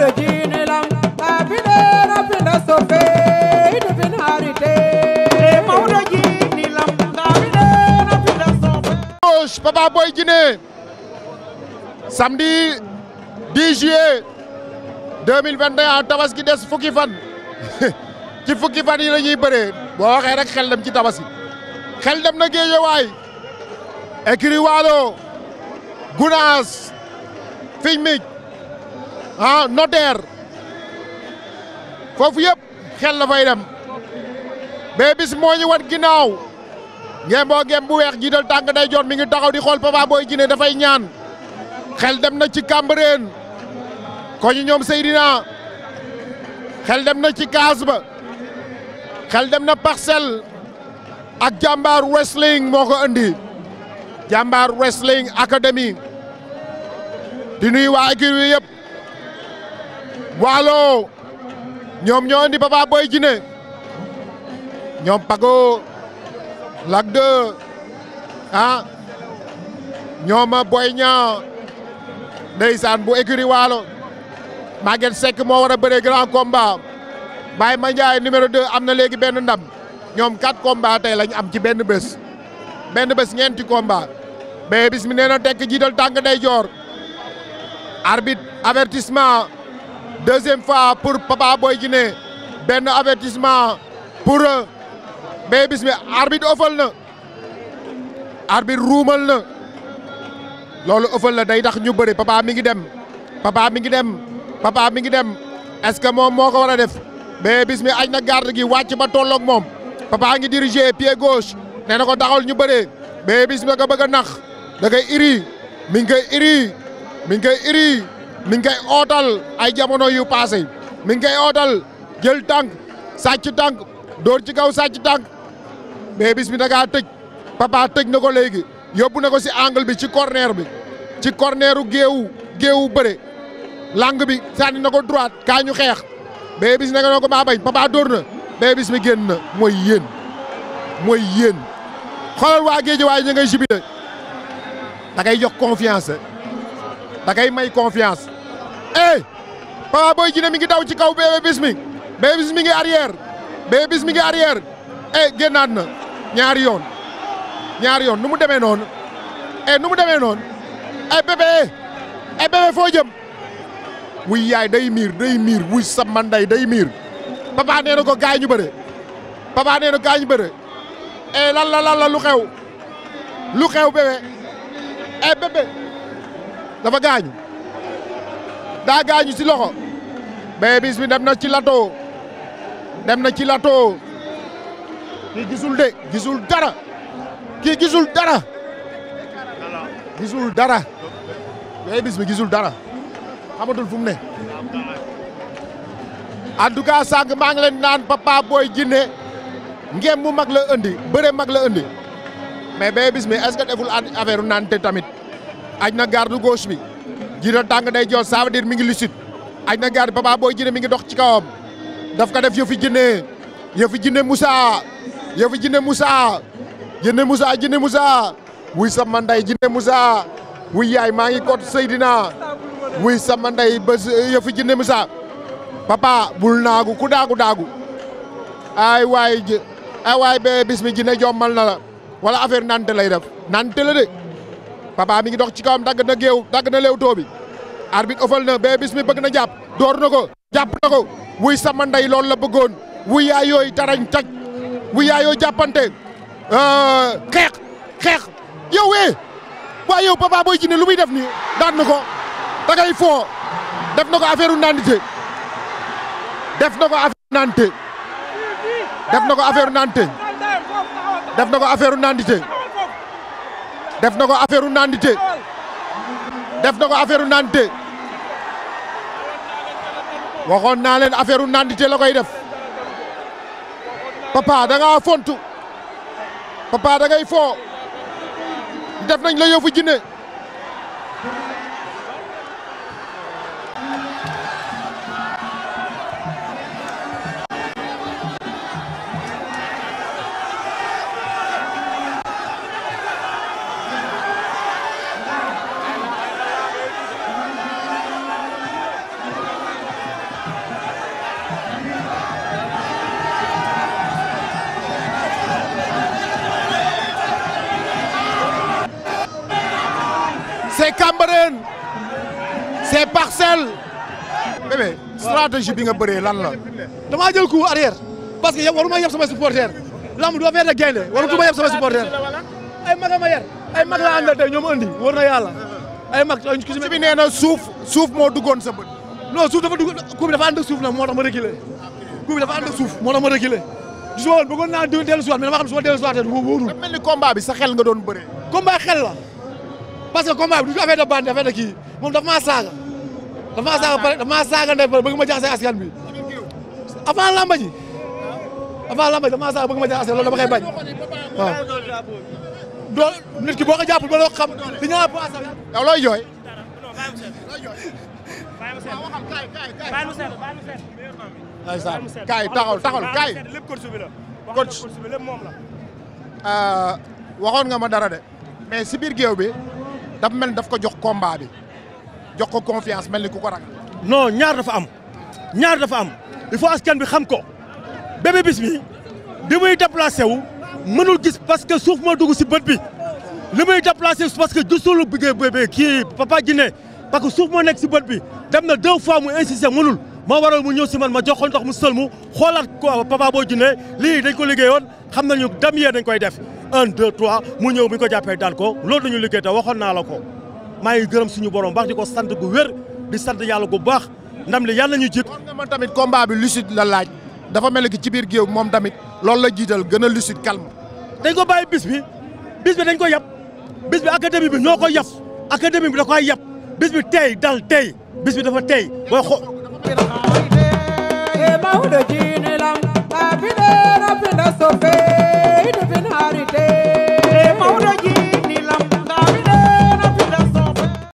ɓeɗo jiinilam abide rafinda sofeyde fin harite mawɗo jiinilam abide rafinda sofe papa boy guiné samedi 10 juillet 2021 tabaski des fukki fan ci fukki fan yi la ñuy bëree boo waxee rek xel dem ci tabaski xel dem na géejewaay écrit waalo gunaas fiñ mic ah notaire foofu yëpp xel la fay dem Bébé Bis moo ñu wan ginnaaw ngeen boo gem bu weex jiital tànk day mi ngi taxaw di xool Papa Boy Djiné dafay ñaan xel dem na ci Cambérène ko ñu ñoom Seydina xel dem na ci kaas ba xel dem na Parcelles ak jàmbaar wrestling moo ko andi jàmbaar wrestling academy di nuyu waa équipe yëpp. waalo ñoom ñoo indi Papa Boy Djiné ñoom Pago Lac 2 ah ñoom Boy Niang ndeysaan bu écurie waalo Maguette Seck moo war a bëree grand combat Baye Mandiaye numéro 2 am na léegi benn ndam ñoom quatre combat tey lañ am ci benn bës benn bës ñeenti combat bee bis mi nee na tekk jiital tànk day joor arbitre avertissement deuxième fois pour Papa Boy Djiné benn avertissement pour Bébé Bismi arbitre ëffal na arbitre ruumal na loolu ëffal na day tax ñu bëri Papa mi ngi dem Papa mi ngi dem Papa mi ngi dem est que moom moo ko war a def Bébé Bismi aj na garde gi wàcc ba tolloog moom Papa ngi diriger pied gauche nee na ko daxal ñu bëree Bébé Bismi nga bëgg a nax da koy iri mi ngi koy iri mi ngi koy iri mi ngi koy ootal ay jamono yu paase mi ngay koy ootal jël tànk sàcc tànk dóor ci kaw sàcc tànk mais bis bi da ngaa tëj papa tëj na ko léegi yóbbu na ko si angle bi ci corner bi ci corneru géew géewu bëre langue bi sànni na ko droite kaañu xeex mais bis na nga noo ko maa bañ papa dóor na mais bis mi génn na mooy yéen mooy yéen xoolal waa géej waaye ñu ngay jibile da ngay jox confiance da ngay may confiance. eh Papa Boy mi ngi daw ci kaw Bébé Bismi Bébé Bismi mi ngi arrière Bébé Bismi mi ngi arrière eh génnaat na ñaari yoon ñaari yoon nu mu demee noonu eh nu mu demee noon eh bébé eh foo jëm. wuy yaay day miir day miir wuy sa manday day miir papa nee na ko gaañu bëre papa nee na gaañu bëre e lan la lu xew lu xew bébé e bébé dafa gaañu daa gaañu si loxo bis Bismi dem na ci lato dem na ci lato kii gisul de gisul dara kii gisul dara gisul dara Bébé Bismi gisul dara xamatul fu mu ne en tout cas sànq maa ngi leen naan Papa Boy Djiné ngeen mu mag la indi bëre mag la indi mais Bébé bis mi ce que deful affaire naan te tamit aj na garde gauche bi Djiné tàng day joor ça veut mi ngi lucide añ na garde Papa boo Djiné mi ngi dox ci kawam daf ko def yëfi Djiné yëfi Djiné Moussa yëfi Djiné Moussa Djiné Moussa Djiné Moussa wuy sama ndey Djiné Moussa wuy yaay maa ngi kot Seydina wuy sama ndey ba yëfi Djiné Moussa papa bul naagu ku daagu daagu ay waay ay waay be bis mi jommal na la wala affaire nante lay def nante la de Papa mi ngi dox ci kawam dagg na géew dagg na léewtoo bi arbitre ofal na Bébé Bismi bëgg na jàpp door na ko jàpp na ko wuy sama ndey loolu la bëggoon wuy yaa yooyu tarañ taj wuy yaa jàppante euh, xeex xeex yow eh waaye yow Papa Boy Djiné lu muy def nii daan na ko da foo def na ko affaire nandite def na ko affaire nante def na ko affaire nante def na ko affaire def na ko affaire u nandite def na ko affaire u waxoon naa leen affaire u la koy def papa da ngaa fontu papa da ngay foo def nañ la yëfu jinne c'est Cambérène c'est Parcelles. bébé stratégie bi nga bëree lan la. damaa jël coup arrière parce que yow waruma yeb sama supporter lamb du affaire de gaynde warutuma yeb sama supporter ay mag ma yer ay mag la àndal tey ñoom andi war na yàlla ay mag. ci bi nee na suuf suuf moo duggoon sa bët. non suuf dafa dugg coup bi dafa ànd suuf nag moo tax ma reculer coup bi dafa ànd ak suuf moo tax ma reculer gisuma woon bëggoon naa dellu si waat mais dama xam ne su ma dellu si sa xel nga doon bëree. combat xel la. parce que combat bi du affaire de bande affaire de kii moom dafa maa saaga. dafa maa saaga pare dafa maa saaga ndey pare bëgg ma jaxase askan bi avant lamba ji. avant lamba ji nga ma dara de mais si biir géew daf mel ni daf ko jox combat bi jox ko confiance mel ni ku ko ragal. non ñaar dafa am ñaar dafa am il faut askan bi xam ko bis Bismi di muy déplacé wu mënul gis parce que suuf moo dugg si bët bi li muy déplacé parce que gisul bébé kii Papa ne parce que suuf moo nekk si bët bi dem na deux fois mu insisté mënul. moo waral mu ñëw si man ma jox ko ndox mu sëlmu xoolaat ko Papa Boy Djiné lii dañ ko liggéeyoon xam nañu dam yee dañ koy def un deux trois mu ñëw mi ko jàppee daan ko loolu dañu liggéey te waxoon naa la ko maa ngi gërëm suñu borom baax di ko sant gu wér di sant yàlla gu baax ndam li yàlla nañu jik man tamit combat bi lucide la laaj dafa mel ni ci biir géew moom tamit loolu la jiital gën a lucide calme dañ ko bàyyi bis bi bis bi dañ ko yab bis bi académie bi ñoo ko yab académie bi da koy yab bis bi tey dal tey bis dafa tey booy xool Sophie.